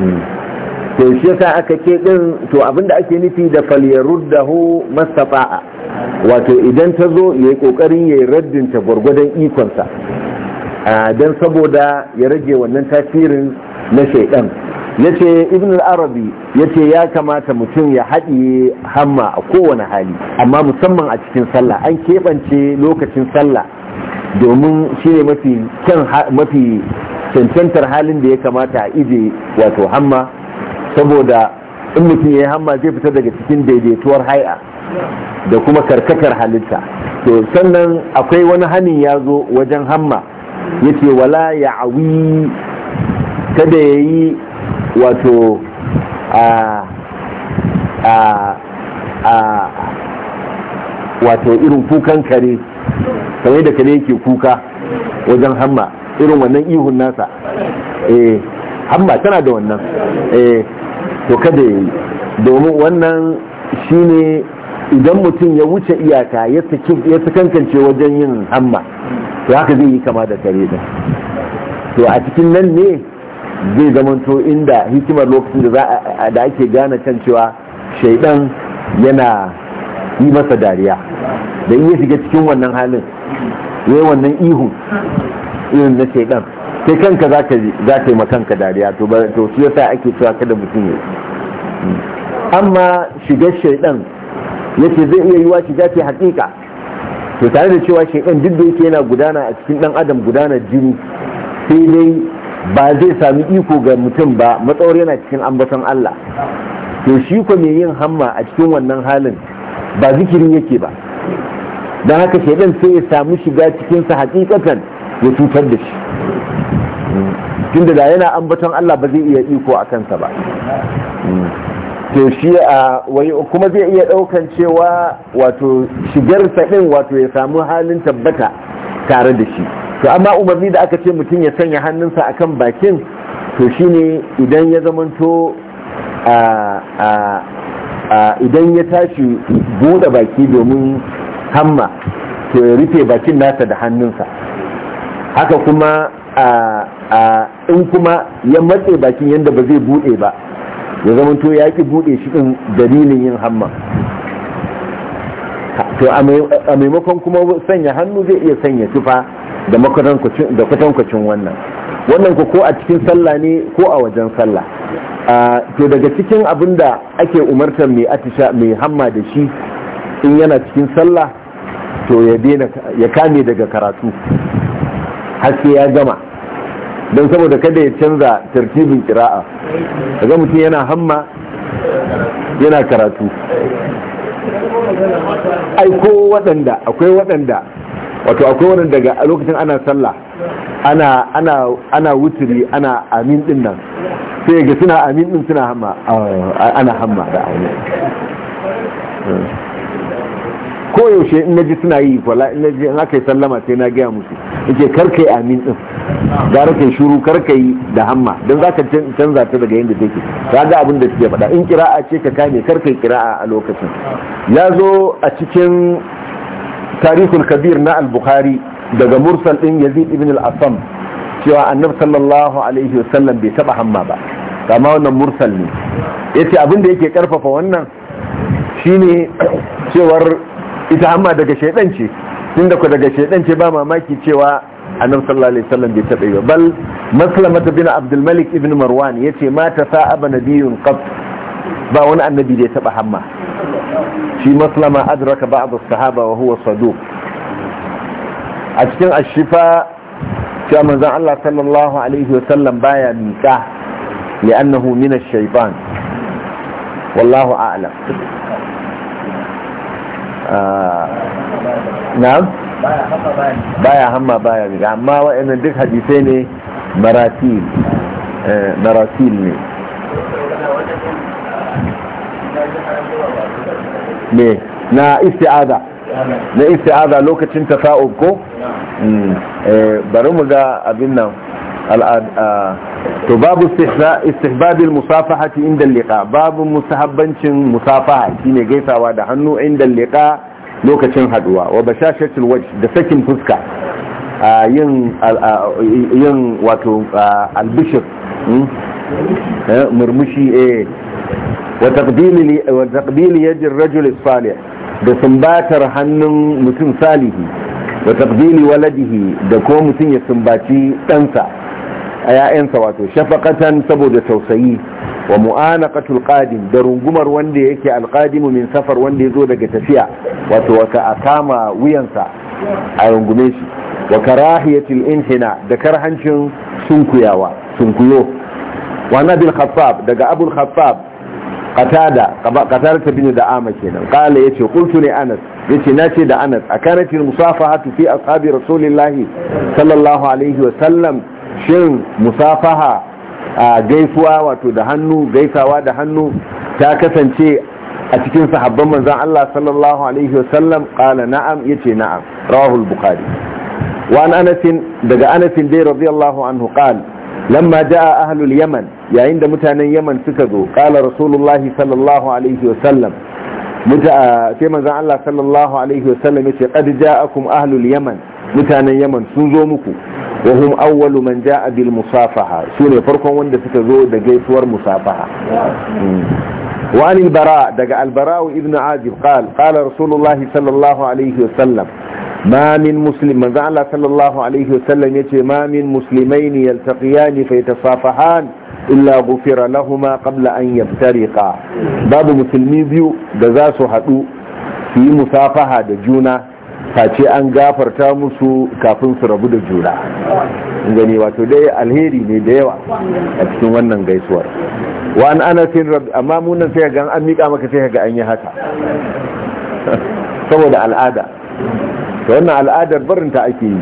hmm. to shi yasa aka ke din to abinda ake nufi da falyaruddahu mastafa'a wato idan ta zo yayi kokarin yayi raddin ta gwargwadon ikonsa ah, dan saboda ya rage wannan tasirin na shaidan ya ce ibn arabi ya ce ya kamata mutum ya haɗiye hamma a kowane hali amma musamman a cikin sallah an keɓance lokacin sallah domin shi ne mafi cancantar halin da ya kamata a ije wato hamma saboda in mutum ya yi hamma zai fita daga cikin daidaituwar hai'a da kuma karkatar halitta to sannan akwai wani hanin ya zo wajen hamma ya ce wala ya awi kada ya yi wato a a a wato irin kukan kare kamar yadda kare yake kuka wajen hamma irin wannan ihun nasa eh hamma tana da wannan eh to kada ya yi domin wannan shine idan mutum ya wuce iyaka ya sakankance wajen yin hamma to haka zai yi kama da kare da to a cikin nan ne zai zamanto inda hikimar lokacin da ake gane can cewa shaidan yana yi masa dariya da in ya shiga cikin wannan halin ya yi wannan ihu irin na shaidan sai kanka za ka yi kanka dariya to su yasa ake cewa kada mutum ya amma shiga shaidan ce zai iya yiwa shiga ce hakika to tare da cewa shaidan duk da yake yana gudana a cikin dan adam gudanar jini sai dai ba zai sami iko ga mutum ba matsawar yana cikin ambaton Allah to shi ko mai yin hamma a cikin wannan halin ba zikirin yake ba don haka shaidan sai ya samu shiga cikinsa hakikatan ya cutar da shi tunda da yana ambaton Allah ba zai iya iko a kansa ba to shi a kuma zai iya daukan cewa wato shigar saɗin wato ya samu halin tabbata tare da shi to amma umarni da aka ce mutum ya sanya hannunsa akan bakin to shine idan ya zamanto idan ya tashi bude baki domin hamma to ya rufe bakin nasa da hannunsa haka kuma in kuma ya matse bakin yadda ba zai bude ba ya zamanto ya ki bude shi din dalilin yin hamma to a maimakon kuma sanya hannu zai iya sanya tufa da kwatankwacin wannan wannan ko a cikin sallah ne ko a wajen sallah to daga cikin abin da ake umartar mai atisha mai hamma da shi in yana cikin sallah to ya kame daga karatu haske ya gama don saboda kada ya canza tartibin kira'a daga mutum yana hamma yana karatu aiko waɗanda akwai waɗanda wato akwai waɗanda daga lokacin ana sallah ana ana ana wuturi ana amin din nan sai ga suna amin din suna hamma ana hamma da amin hmm. Koyaushe yaushe in naji suna yi kula in naji in aka yi sallama sai na gaya musu yake kai amin din gara kai shuru kar kai da hamma dan zaka ka canza ta daga yanda take ka ga abin da suke faɗa in kira'a ce ka kame kar kai kira'a a lokacin ya zo a cikin tarihul kabir na al-bukhari daga mursal din yazid ibn al-asam cewa annabi sallallahu alaihi wasallam bai taba hamma ba kama wannan mursal ne yace abin da yake karfafa wannan shine cewar ita hamma daga shaidan ce tun da ku daga shaidan ce ba mamaki cewa annabi sallallahu alaihi wasallam bai taɓa yi bal maslama ta bin abdul malik ibn marwan yace ma ta sa'aba nabiyun qat ba wani annabi da ya taɓa hamma shi maslama adraka ba'd as-sahaba wa huwa saduq a cikin ashifa cewa manzon Allah sallallahu alaihi wasallam baya miƙa li'annahu min ash-shaytan wallahu a'lam Ah. na'am baya hamma baya riga amma waɗannan duk hadisai ne maratil eh, maratil ne ne na isti'aza na isti'aza lokacin tafa'ub ko hmm. eh, bari mu ga abin nan to babu al musafahati inda liqa babu mustahabbancin musafaha shine gaisawa da hannu inda liqa lokacin haduwa wa bashashatul wajh da sakin fuska yin yin wato albishir murmushi eh wa taqbil wa taqbil yadi ar-rajul salih da sumbatar hannun mutum salihi wa taqbil waladihi da ko mutum ya sumbaci ɗansa a ‘ya'yansa wato shafakatan saboda tausayi wa mu'anaqatul qadim da rungumar wanda yake alqadimu min safar wanda yazo daga tafiya wato wata akama wuyansa a rungume shi wa karahiyatil inhina da karhancin sunkuyawa sunkuyo wa nabil khattab daga abul khattab qatada ta bin ama kenan qala yace qultu li anas yace nace da anas akanatil musafahatu fi ashabi rasulillahi sallallahu alaihi wa sallam shin musafaha a gaisuwa wato da hannu gaisawa da hannu ta kasance a cikin sahabban manzan Allah sallallahu alaihi wasallam kala na'am yace na'am Rahul bukhari wa an anasin daga anasin dai radiyallahu anhu qala lamma jaa ahlul yaman yayin da mutanen yaman suka zo kala rasulullahi sallallahu alaihi wasallam sai manzan Allah sallallahu alaihi wasallam yace qad ja'akum ahlul yaman mutanen yaman sun zo muku wa hum awwalu man jaa bil musafaha sune farkon wanda suka zo da gaisuwar musafaha hmm. wa anil bara daga al ibnu ibn azib qala qala rasulullah sallallahu alaihi wasallam ma min muslim man za'ala sallallahu alaihi wasallam yace ma min muslimaini yaltaqiyan fa yatasafahan illa gufira lahumma qabla an yaftariqa babu musulmi biyu da za su hadu su yi musafaha da juna face an gafarta musu kafin su rabu da juna gani wato dai alheri ne da yawa a cikin wannan gaisuwar wa an ana sin rabu amma munan sai ga an miƙa maka sai ga an yi haka saboda al'ada Ta wannan al'adar barinta ake yi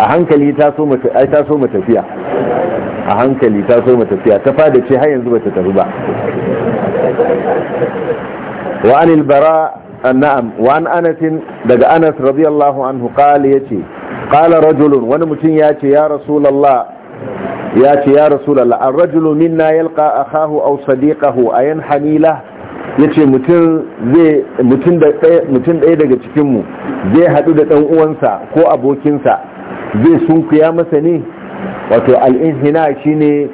a hankali ta so mata tafiya a hankali ta so mata tafiya ta fada ce har yanzu bata tafi ba wa anil bara na'am wa an anatin daga anas radiyallahu anhu qala yace qala rajulun wani mutum yace ya rasulullah yace ya rasulullah ar-rajulu minna yalqa akahu aw sadiqahu ayan hamila yace mutum zai mutum da mutum ɗaya daga cikin mu zai hadu da dan uwansa ko abokinsa zai sunkuya masa ne wato al-inhina shine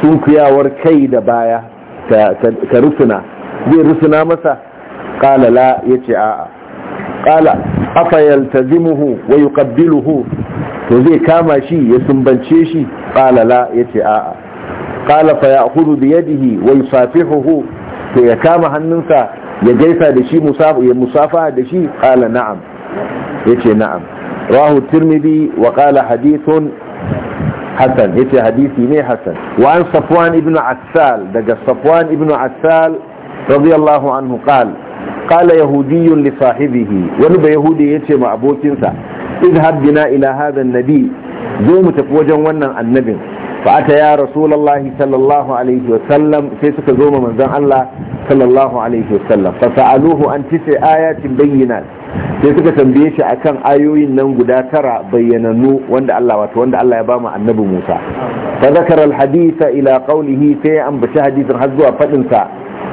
sunkuyawar kai da baya ka rusuna zai rusuna masa qala la ya ce a'a qala ta zimuhu wai yuqabbiluhu to zai kama shi ya sumbance shi qala la ya ce a'a qala fa hudu da yadihi wai yusafihuhu to ya kama hannunsa ya gaisa da shi musafa ya musafa da shi qala na'am ya ce na'am rahu tirmidhi wa qala hadithun hasan ce hadisi ne hasan wa an safuwan ibn assal daga safwan ibn assal radiyallahu anhu qala qala yahudiyyun li sahibihi wani ba yahudi yace ma abokinsa idhab bina ila hadha an-nabi zo mu tafi wajen wannan annabin fa ata ya rasulullahi sallallahu alaihi wa sallam sai suka zo ma manzon Allah sallallahu alaihi wa sallam fa sa'aluhu an tisi ayatin bayyinat sai suka tambaye shi a kan ayoyin nan guda tara bayyanannu wanda Allah ya ba annabi Musa fa zakara al ila qawlihi sai an bace hadithin har zuwa fadin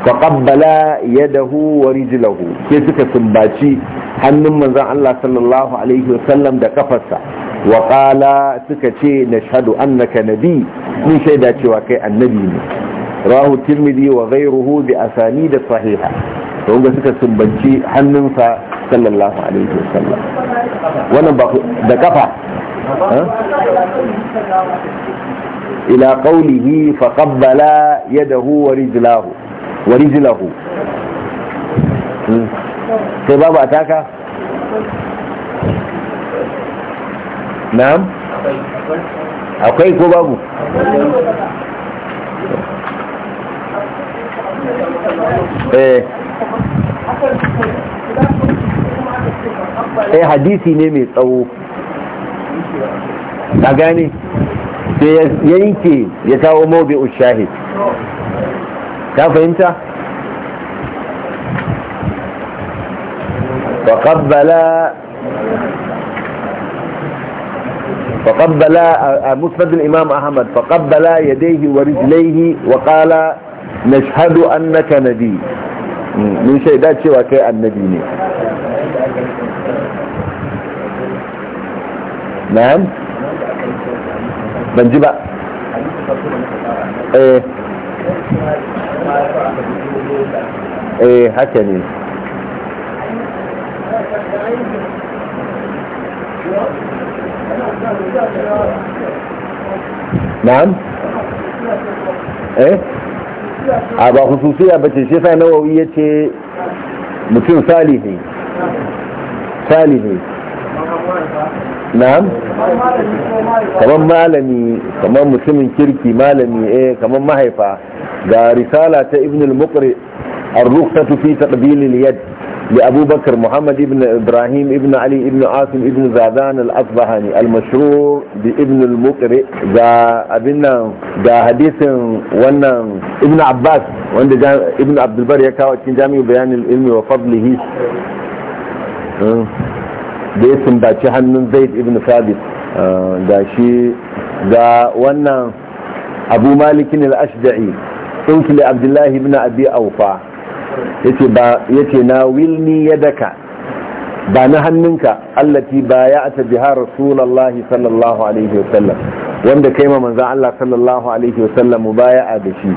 faqabbala yadahu wa rijlahu sai suka sumbaci hannun manzon Allah sallallahu alaihi wa sallam da kafarsa wa qala suka ce nashhadu annaka nabi mun shaida cewa kai annabi ne rahu tirmidhi wa ghayruhu bi asanid sahiha Don ga suka sumbaci hannunsa sallallahu alaihi wa sallam. wannan ba da kafa ila qawlihi faqabbala yadahu wa rijlahu wa rijlahu sai babu ataka na'am akwai ko babu eh, eh hadisi ne mai tsawo ta gane sai ya yanke ya kawo mawabi ushahid ka fahimta فقبل فقبل مسند الإمام أحمد فقبل يديه ورجليه وقال نشهد أنك نبي من شهدات شوى كي النبي نعم بنجبأ ايه eh haka ne na'am eh a ba hususiya ba ce shi sa nawawi ya ce mutum salihi salihi na'am kamar malami kamar mutumin kirki malami eh kamar mahaifa ga risala ta ibnul al-muqri ar-rukhsatu fi taqbil al-yad li abubakar muhammad ibn ibrahim ibn ali ibn asim ibn zadan al-asbahani al-mashrur bi ibn al-muqri ga abin nan ga hadithin wannan ibn abbas wanda ibn abdul bar ya kawo cikin jami'u bayanin ilmi wa fadlihi hmm? da ya sumbaci hannun zaid ibn sabit uh, ga shi ga wannan abu malikin al-ashda'i tsunki da abdullahi ibn abi aufa ya ce na wilni ya daka ba na hannunka allati ba ya a biha rasulallah sallallahu alaihi wasallam wanda kai ma manzon Allah sallallahu alaihi wasallam mu baya a da shi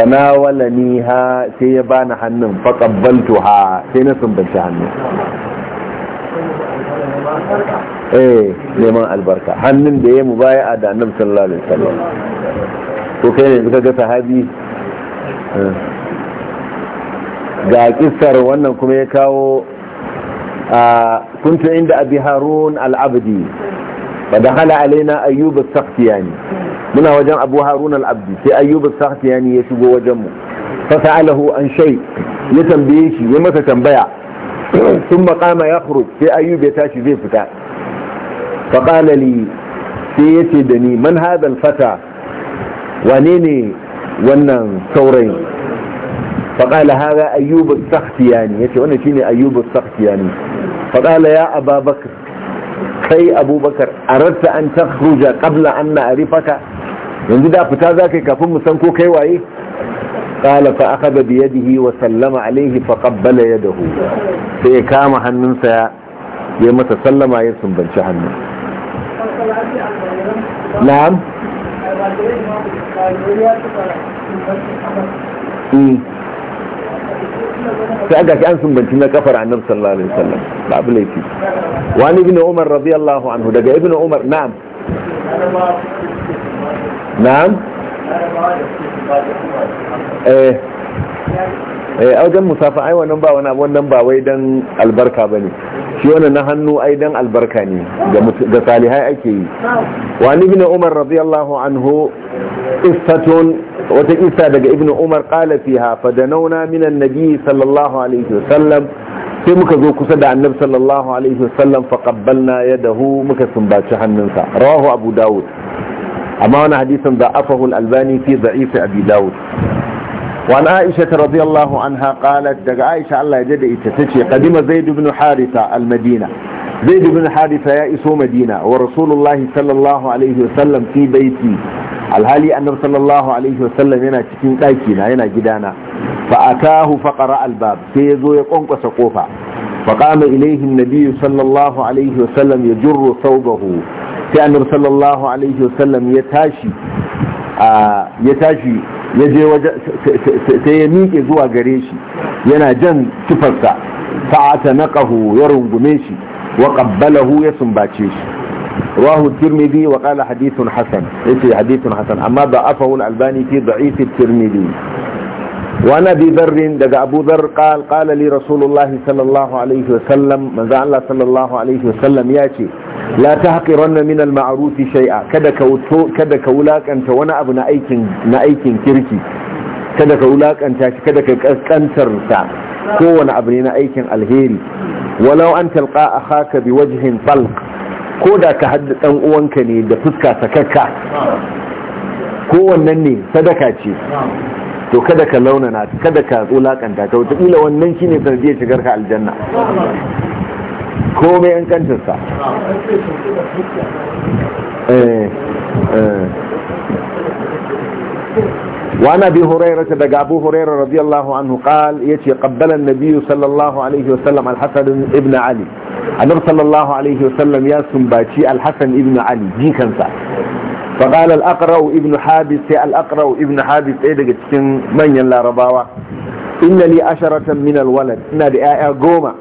fanawala ni ha sai ya bani hannun faqabbaltu ha sai na sumbaci hannun eh neman albarka hannun da ya mu baya a da annabi sallallahu alaihi wasallam to kai ne suka ga sahabi eh. ga kissar wannan kuma ya kawo a kuntu inda abi harun al-abdi fa dakhala alaina ayyub as-sakhtiyani muna wajen abu harun al-abdi sai ayyub as-sakhtiyani ya shigo wajen mu fa sa'alahu an shay ya tambaye shi ya masa tambaya sun makama ya furu sai ayyub ya tashi zai fita faƙala sai ya ce da ni man hadal fata wane ne wannan saurayin faƙala haga ayyubu sakhtiyani ya ce wannan shine ayyubu sakhtiyani faƙala ya ababakar kai abubakar a aratta an ta takhruja qabla an na'rifaka yanzu da fita za kai kafin mu san ko kai waye قال فأخذ بيده وسلم عليه فقبل يده فإكام حننسا يوم تسلم يرسم بنش حنن نعم إيه. فأقاك أنسم بنشنا كفر عن نفس الله عليه وسلم بعض ليكي وعن ابن عمر رضي الله عنه دقى ابن عمر نعم نعم eh eh aujan musafa ai wannan ba wani wannan ba wai dan albarka bane shi wannan na hannu ai dan albarka ne ga ga salihai ake yi wa ibn umar radiyallahu anhu qissatun wata isa daga ibn umar qala fiha fadanawna min an-nabi sallallahu alaihi wasallam sai muka zo kusa da annabi sallallahu alaihi wasallam faqabbalna yadahu muka sumbaci hannunsa rawahu abu dawud amma wani hadisan da afahul albani fi za'ifi abi dawud wa an aisha radiyallahu anha qalat daga aisha Allah ya ji da ita ta ce zaid ibn haritha al madina zaid ibn haritha ya iso madina wa rasulullahi sallallahu alaihi wa sallam fi baiti alhali anna sallallahu alaihi wa sallam yana cikin daki na yana gidana fa atahu fa faƙara al bab sai yazo ya kwankwasa kofa fa qama ilayhi an nabiy sallallahu alaihi wa sallam yajurru thawbahu sai annar sallallahu alaihi wasallam ya tashi ya tashi ya sai ya miƙe zuwa gare shi yana jan tufarsa fa'ata na ƙahu ya rungume shi wa ƙabbalahu ya sumbace shi rahu tirmidhi waƙala qala hadithun hasan yace hadithun amma ba a al albanifi fi da'if tirmidhi وعن أبي ذر دقى أبو ذر قال قال لي رسول الله صلى الله عليه وسلم من زعل صلى الله عليه وسلم ياتي لا تحقرن من المعروف شيئا كذا كولاك أنت وانا أبو نأيكين نأيكين كيركي كذا كولاك أنت كذا كأسكنتر كون أبو نأيكين الهيري ولو أن تلقى أخاك بوجه طلق كودا كحد أنقوانك ني دفتك سككا كون نني صدكاتي to kada ka launana kada ka wulakanta ka wataƙila wannan shi ne sanadiyar shigar ka aljanna komai yan kantarsa وعن ابي هريره دغ ابو هريره رضي الله عنه قال يتي قبل النبي صلى الله عليه وسلم الحسن ابن علي النبي صلى الله عليه وسلم يا سنباتي الحسن ابن علي جيكنسا faɗal al'aƙarau ibn habis sai al'aƙarau ibn habis ɗaya daga cikin manyan larabawa inna li asharatan min alwalad ina da 'ya'ya goma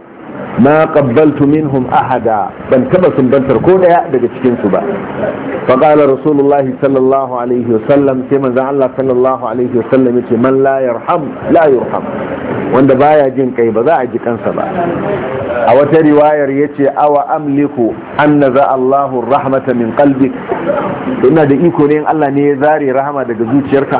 ma qabbaltu minhum ahada ban taba sumbantar ko daya daga cikin su ba fa qala rasulullahi sallallahu alaihi sallam sai manzo Allah sallallahu alaihi wasallam yace man la yarham la yurham wanda baya jin kai ba za a ji kansa ba a wata riwayar yace awa amliku annaza Allahu rahmata min qalbik ina da iko ne in Allah ne ya zare rahama daga zuciyarka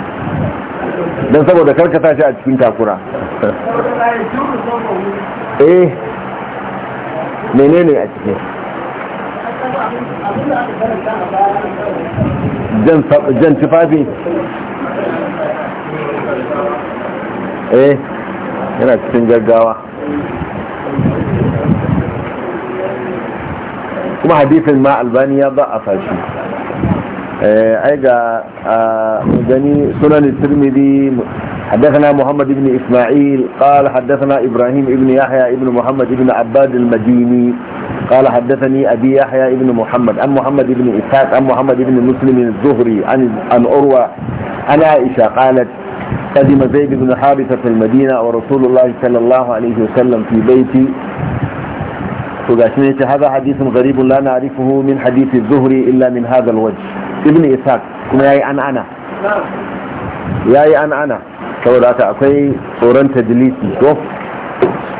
don saboda karkata shi a cikin takura eh menene a cikin jan tufafi eh yana cikin gaggawa kuma hadifin ma albani ya ba a fashi ايجا آه، آه، ga سنن الترمذي حدثنا محمد بن إسماعيل قال حدثنا إبراهيم بن يحيى بن محمد بن عباد المديني قال حدثني أبي يحيى بن محمد عن محمد بن إسحاق عن محمد بن مسلم الزهري عن عن أروى عن عائشة قالت قدم زيد بن حارثة في المدينة ورسول الله صلى الله عليه وسلم في بيتي هذا حديث غريب لا نعرفه من حديث الزهري إلا من هذا الوجه ibn ishaq kuma ya yi yayi an'ana saboda haka akwai tsoron tajlisi to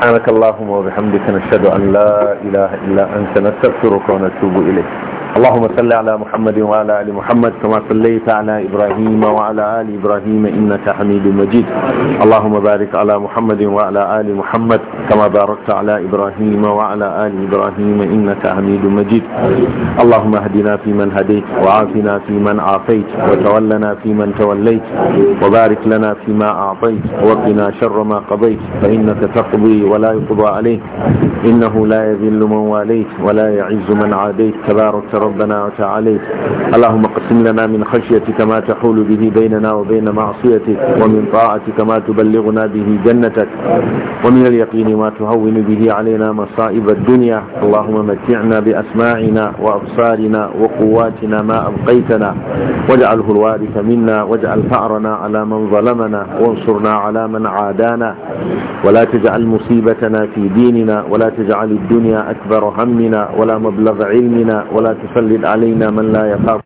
anaka allahumma wa bihamdika nashhadu an la ilaha illa anta nastaghfiruka wa natubu ilayk اللهم صل على محمد وعلى آل محمد كما صليت على إبراهيم وعلى آل إبراهيم إنك حميد مجيد اللهم بارك على محمد وعلى آل محمد كما باركت على إبراهيم وعلى آل إبراهيم إنك حميد مجيد اللهم اهدنا فيمن هديت وعافنا فيمن عافيت وتولنا فيمن توليت وبارك لنا فيما أعطيت وقنا شر ما قضيت فإنك تقضي ولا يقضى عليك إنه لا يذل من واليت ولا يعز من عاديت تبارك ربنا وتعاليت اللهم اقسم لنا من خشيتك ما تحول به بيننا وبين معصيتك ومن طاعتك ما تبلغنا به جنتك ومن اليقين ما تهون به علينا مصائب الدنيا اللهم متعنا بأسماعنا وأبصارنا وقواتنا ما أبقيتنا واجعله الوارث منا واجعل فأرنا على من ظلمنا وانصرنا على من عادانا ولا تجعل مصيبتنا في ديننا ولا تجعل الدنيا أكبر همنا ولا مبلغ علمنا ولا تسلط علينا من لا يخاف